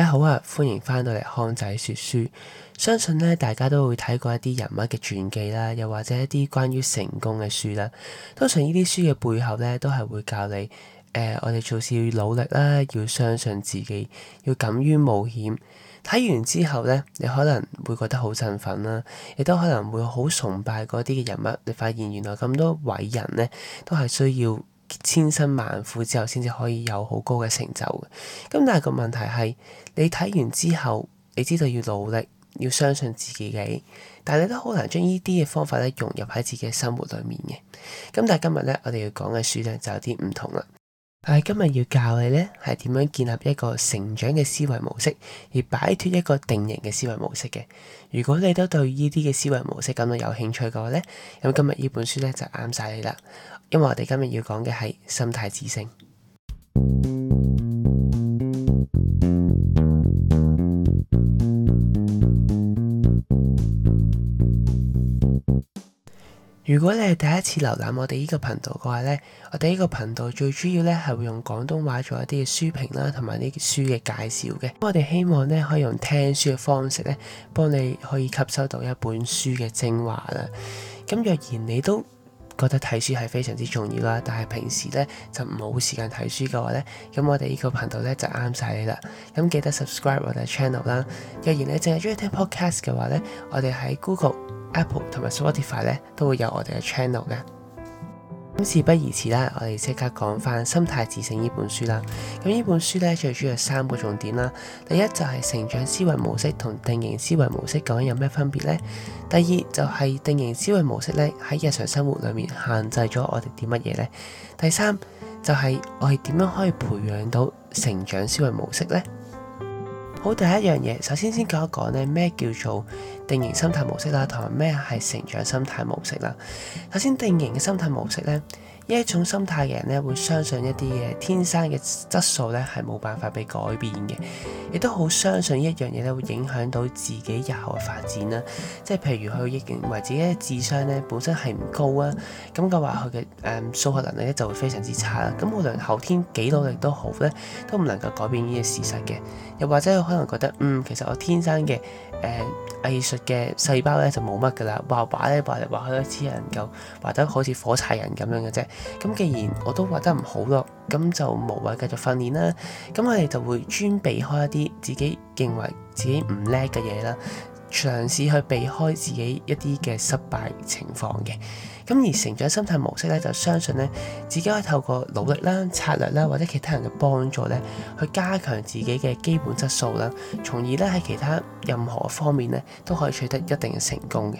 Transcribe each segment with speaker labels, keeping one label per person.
Speaker 1: 大家好啊，歡迎翻到嚟康仔說書。相信咧，大家都會睇過一啲人物嘅傳記啦，又或者一啲關於成功嘅書啦。通常呢啲書嘅背後咧，都係會教你，誒、呃，我哋做事要努力啦，要相信自己，要敢於冒險。睇完之後咧，你可能會覺得好振奮啦，亦都可能會好崇拜嗰啲嘅人物。你發現原來咁多偉人咧，都係需要千辛萬苦之後，先至可以有好高嘅成就嘅。咁但係個問題係，你睇完之後，你知道要努力，要相信自己嘅。但係你都好難將依啲嘅方法咧融入喺自己嘅生活裡面嘅。咁但係今日咧，我哋要講嘅書呢就有啲唔同啦。但係今日要教你咧，係點樣建立一個成長嘅思維模式，而擺脱一個定型嘅思維模式嘅。如果你都對依啲嘅思維模式感到有興趣嘅話咧，咁今日呢本書咧就啱晒你啦。因為我哋今日要講嘅係心態致勝。如果你係第一次瀏覽我哋呢個頻道嘅話呢，我哋呢個頻道最主要呢係會用廣東話做一啲嘅書評啦，同埋啲書嘅介紹嘅。我哋希望呢可以用聽書嘅方式呢，幫你可以吸收到一本書嘅精華啦。咁若然你都，覺得睇書係非常之重要啦，但係平時咧就冇時間睇書嘅話咧，咁我哋呢個頻道咧就啱晒你啦。咁記得 subscribe 我哋嘅 channel 啦。若然你淨係中意聽 podcast 嘅話咧，我哋喺 Google、Apple 同埋 Spotify 咧都會有我哋嘅 channel 嘅。咁事不宜遲啦，我哋即刻講翻《心態致勝》呢本書啦。咁呢本書呢，最主要三個重點啦。第一就係成長思維模式同定型思維模式究竟有咩分別呢？第二就係定型思維模式呢，喺日常生活裏面限制咗我哋啲乜嘢呢？第三就係我哋點樣可以培養到成長思維模式呢？好，第一樣嘢，首先先講一講咧，咩叫做定型心態模式啦，同埋咩係成長心態模式啦。首先定型嘅心態模式咧。呢一種心態嘅人咧，會相信一啲嘅天生嘅質素咧係冇辦法被改變嘅，亦都好相信一樣嘢咧會影響到自己日後嘅發展啦。即係譬如佢認為自己嘅智商咧本身係唔高啊，咁嘅話佢嘅誒數學能力咧就會非常之差啦、啊。咁無論後天幾努力都好咧，都唔能夠改變呢個事實嘅。又或者佢可能覺得嗯，其實我天生嘅誒、呃、藝術嘅細胞咧就冇乜㗎啦，畫畫咧畫嚟畫去都只能夠畫得好似火柴人咁樣嘅啫。咁既然我都畫得唔好咯，咁就無謂繼續訓練啦。咁我哋就會專避開一啲自己認為自己唔叻嘅嘢啦，嘗試去避開自己一啲嘅失敗情況嘅。咁而成長心態模式咧，就相信咧自己可以透過努力啦、策略啦，或者其他人嘅幫助咧，去加強自己嘅基本質素啦，從而咧喺其他任何方面咧都可以取得一定嘅成功嘅。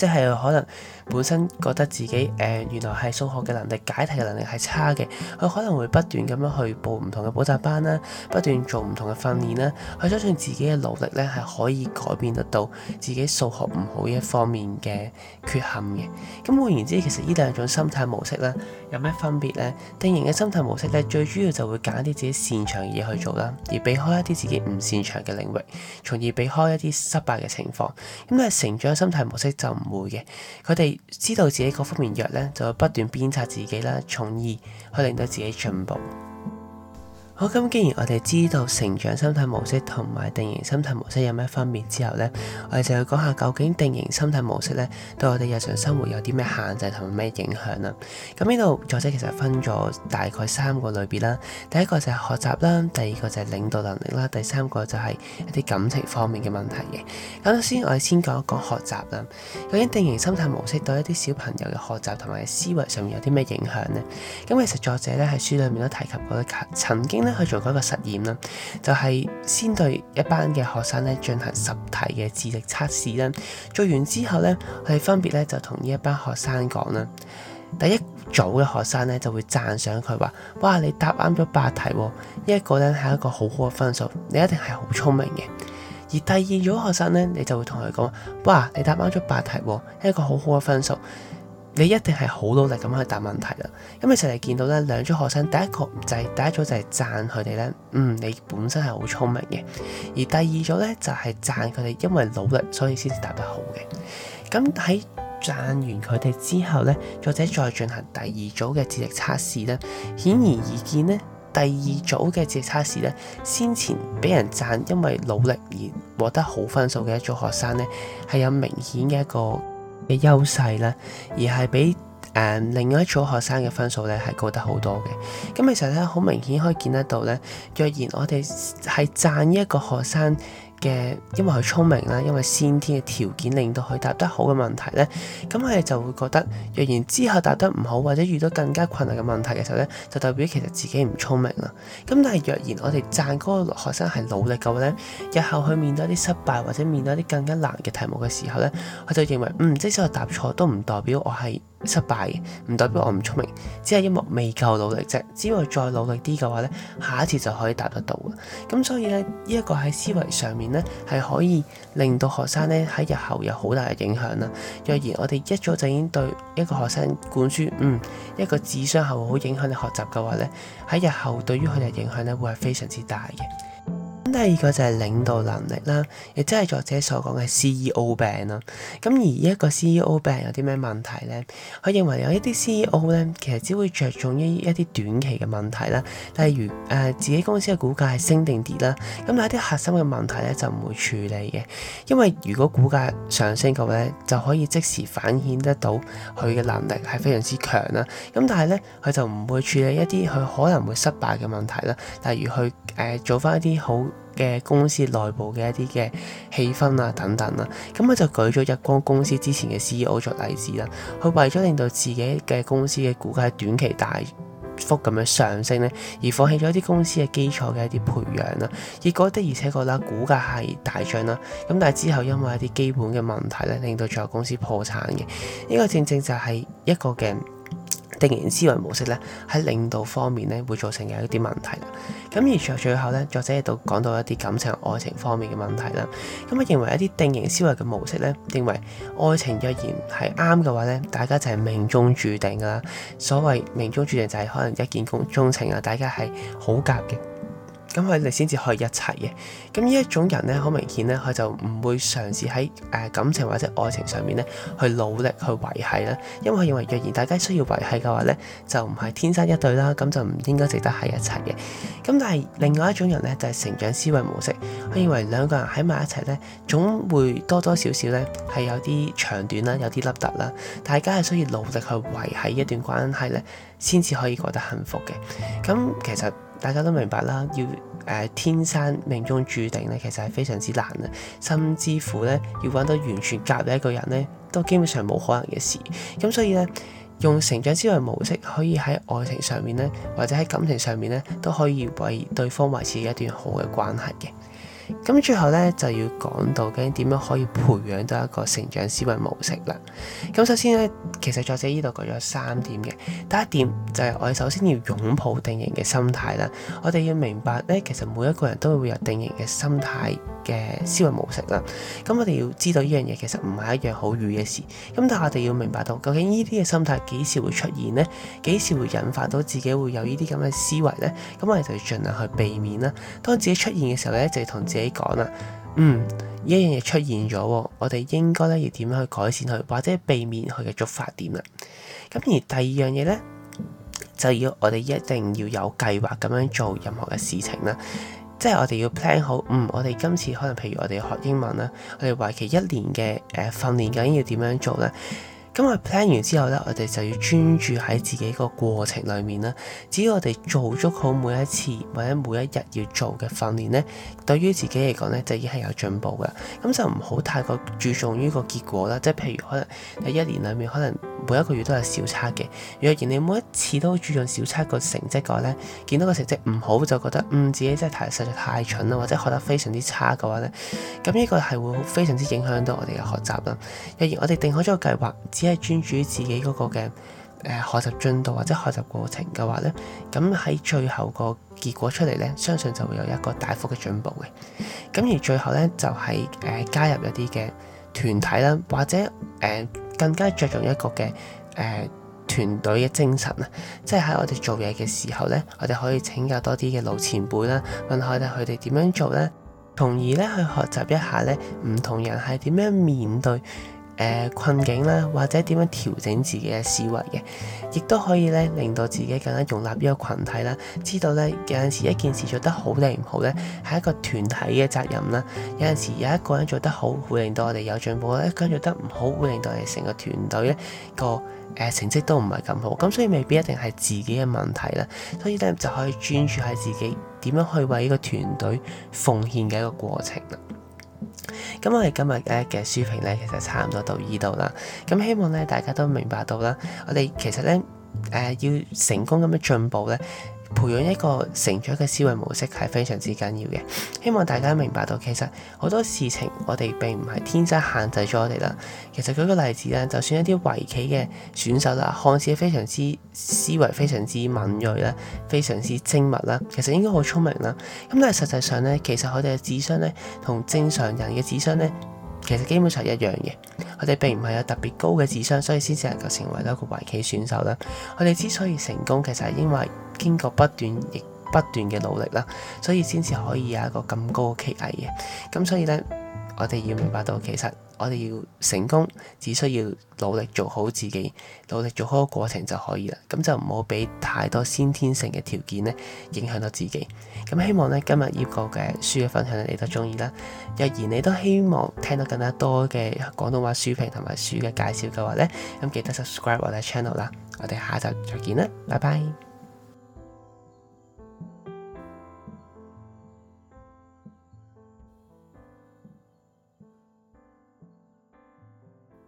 Speaker 1: 即係可能本身覺得自己誒、呃、原來係數學嘅能力、解題嘅能力係差嘅，佢可能會不斷咁樣去報唔同嘅補習班啦，不斷做唔同嘅訓練啦，佢相信自己嘅努力咧係可以改變得到自己數學唔好呢一方面嘅缺陷嘅。咁、嗯、換言之，其實呢兩種心態模式咧有咩分別呢？定型嘅心態模式咧最主要就會揀一啲自己擅長嘅嘢去做啦，而避開一啲自己唔擅長嘅領域，從而避開一啲失敗嘅情況。咁但係成長嘅心態模式就唔～會嘅，佢哋知道自己各方面弱咧，就會不斷鞭策自己啦，從而去令到自己進步。好，咁，既然我哋知道成長心態模式同埋定型心態模式有咩分別之後呢，我哋就要講下究竟定型心態模式呢對我哋日常生活有啲咩限制同埋咩影響啦。咁呢度作者其實分咗大概三個類別啦。第一個就係學習啦，第二個就係領導能力啦，第三個就係一啲感情方面嘅問題嘅。咁先，我哋先講一講學習啦。究竟定型心態模式對一啲小朋友嘅學習同埋思維上面有啲咩影響呢？咁其實作者呢喺書裡面都提及過，曾經去做嗰個實驗啦，就係先對一班嘅學生咧進行十題嘅智力測試啦。做完之後咧，佢哋分別咧就同呢一班學生講啦。第一組嘅學生咧就會讚賞佢話：，哇，你答啱咗八題，呢一個咧係一個好好嘅分數，你一定係好聰明嘅。而第二組學生咧，你就會同佢講：，哇，你答啱咗八題，一個好好嘅分數。你一定係好努力咁去答問題啦，咁你實嚟見到咧，兩組學生第一個就係，第一組就係讚佢哋咧，嗯，你本身係好聰明嘅，而第二組咧就係讚佢哋因為努力所以先至答得好嘅。咁喺讚完佢哋之後咧，作者再進行第二組嘅智力測試咧，顯而易見咧，第二組嘅智力測試咧，先前俾人讚因為努力而獲得好分數嘅一組學生咧，係有明顯嘅一個。嘅優勢咧，而係比誒、呃、另外一組學生嘅分數咧係高得好多嘅。咁其實咧，好明顯可以見得到咧，若然我哋係讚一個學生。嘅，因為佢聰明啦，因為先天嘅條件令到佢答得好嘅問題呢。咁我哋就會覺得若然之後答得唔好，或者遇到更加困難嘅問題嘅時候呢，就代表其實自己唔聰明啦。咁但係若然我哋讚嗰個學生係努力嘅話呢，日後去面對一啲失敗或者面對一啲更加難嘅題目嘅時候呢，佢就認為嗯，即使我答錯都唔代表我係。失敗嘅，唔代表我唔聰明，只係因為未夠努力啫。只要再努力啲嘅話呢，下一次就可以達得到嘅。咁所以呢，呢一個喺思維上面呢，係可以令到學生呢喺日後有好大嘅影響啦。若然我哋一早就已經對一個學生灌輸，嗯，一個智商係會好影響你學習嘅話呢，喺日後對於佢哋嘅影響呢，會係非常之大嘅。第二個就係領導能力啦，亦即係作者所講嘅 CEO 病啦。咁而呢一個 CEO 病有啲咩問題呢？佢認為有一啲 CEO 呢，其實只會着重於一一啲短期嘅問題啦，例如誒、呃、自己公司嘅股價係升定跌啦。咁有係啲核心嘅問題呢，就唔會處理嘅，因為如果股價上升嘅話呢，就可以即時反映得到佢嘅能力係非常之強啦。咁但係呢，佢就唔會處理一啲佢可能會失敗嘅問題啦，例如去誒、呃、做翻一啲好嘅公司內部嘅一啲嘅氣氛啊，等等啦，咁佢就舉咗日光公司之前嘅 CEO 作例子啦。佢為咗令到自己嘅公司嘅股價短期大幅咁樣上升呢，而放棄咗啲公司嘅基礎嘅一啲培養啦。結果的而且確啦，股價係大漲啦。咁但係之後因為一啲基本嘅問題咧，令到最後公司破產嘅。呢個正正就係一個嘅。定型思維模式咧，喺領導方面咧會造成嘅一啲問題啦。咁而最後咧，作者亦都講到一啲感情、愛情方面嘅問題啦。咁我認為一啲定型思維嘅模式咧，認為愛情若然係啱嘅話咧，大家就係命中注定㗎喇。所謂命中注定就係可能一見共鍾情啊，大家係好夾嘅。咁佢哋先至可以一齊嘅。咁呢一種人咧，好明顯咧，佢就唔會嘗試喺誒、呃、感情或者愛情上面咧去努力去維繫啦，因為佢認為若然大家需要維繫嘅話咧，就唔係天生一對啦，咁就唔應該值得喺一齊嘅。咁但係另外一種人咧，就係、是、成長思維模式，佢認為兩個人喺埋一齊咧，總會多多少少咧係有啲長短啦，有啲凹凸啦，大家係需要努力去維繫一段關係咧，先至可以過得幸福嘅。咁其實。大家都明白啦，要誒、呃、天生命中注定咧，其實係非常之難啊，甚至乎咧要揾到完全夾嘅一個人咧，都基本上冇可能嘅事。咁所以咧，用成長之類模式，可以喺愛情上面咧，或者喺感情上面咧，都可以為對方維持一段好嘅關係嘅。咁最後咧就要講到究竟點樣可以培養到一個成長思維模式啦。咁首先咧，其實作者呢度講咗三點嘅。第一點就係我哋首先要擁抱定型嘅心態啦。我哋要明白咧，其實每一個人都會有定型嘅心態嘅思維模式啦。咁我哋要知道呢樣嘢其實唔係一樣好易嘅事。咁但係我哋要明白到究竟呢啲嘅心態幾時會出現呢？幾時會引發到自己會有呢啲咁嘅思維呢？咁我哋就要盡量去避免啦。當自己出現嘅時候咧，就係同自己。你講啦，嗯，呢一樣嘢出現咗，我哋應該咧要點樣去改善佢，或者避免佢嘅觸發點啦。咁而第二樣嘢咧，就要我哋一定要有計劃咁樣做任何嘅事情啦，即係我哋要 plan 好，嗯，我哋今次可能譬如我哋學英文啦，我哋為期一年嘅誒訓練究竟要點樣做咧？咁我哋 plan 完之後咧，我哋就要專注喺自己個過程裏面啦。只要我哋做足好每一次或者每一日要做嘅訓練咧，對於自己嚟講咧，就已經係有進步㗎。咁就唔好太過注重於個結果啦。即係譬如可能喺一年裏面，可能每一個月都有小測嘅。若然你每一次都注重小測個成績嘅話咧，見到個成績唔好就覺得嗯，自己真係太實在太蠢啦，或者學得非常之差嘅話咧，咁呢個係會非常之影響到我哋嘅學習啦。若然我哋定好咗個計劃，只係專注於自己嗰個嘅誒學習進度或者學習過程嘅話咧，咁喺最後個結果出嚟咧，相信就會有一個大幅嘅進步嘅。咁而最後咧就係、是、誒、呃、加入一啲嘅團體啦，或者誒、呃、更加着重一個嘅誒、呃、團隊嘅精神啊，即係喺我哋做嘢嘅時候咧，我哋可以請教多啲嘅老前輩啦，問下咧佢哋點樣做咧，從而咧去學習一下咧唔同人係點樣面對。誒、呃、困境啦，或者點樣調整自己嘅思維嘅，亦都可以咧令到自己更加容納呢個群體啦。知道咧有陣時一件事做得好定唔好咧，係一個團體嘅責任啦。有陣時有一個人做得好，會令到我哋有進步；一個人做得唔好，會令到我哋成個團隊咧個誒、呃、成績都唔係咁好。咁所以未必一定係自己嘅問題啦。所以咧就可以專注喺自己點樣去為呢個團隊奉獻嘅一個過程啦。咁我哋今日咧嘅書評咧，其實差唔多到依度啦。咁希望咧，大家都明白到啦。我哋其實咧，誒、呃，要成功咁樣進步咧。培養一個成長嘅思維模式係非常之緊要嘅。希望大家明白到，其實好多事情我哋並唔係天生限制咗我哋啦。其實舉個例子啦，就算一啲圍棋嘅選手啦，看似非常之思維非常之敏鋭啦，非常之精密啦，其實應該好聰明啦。咁但係，實際上呢，其實我哋嘅智商呢，同正常人嘅智商呢，其實基本上一樣嘅。我哋並唔係有特別高嘅智商，所以先至能夠成為一個圍棋選手啦。我哋之所以成功，其實係因為。經過不斷亦不斷嘅努力啦，所以先至可以有一個咁高嘅奇藝嘅。咁所以呢，我哋要明白到，其實我哋要成功，只需要努力做好自己，努力做好個過程就可以啦。咁就唔好俾太多先天性嘅條件呢影響到自己。咁希望呢，今日呢個嘅書嘅分享你都中意啦。若然你都希望聽到更加多嘅廣東話書評同埋書嘅介紹嘅話呢，咁記得 subscribe 我哋嘅 channel 啦。我哋下集再見啦，拜拜。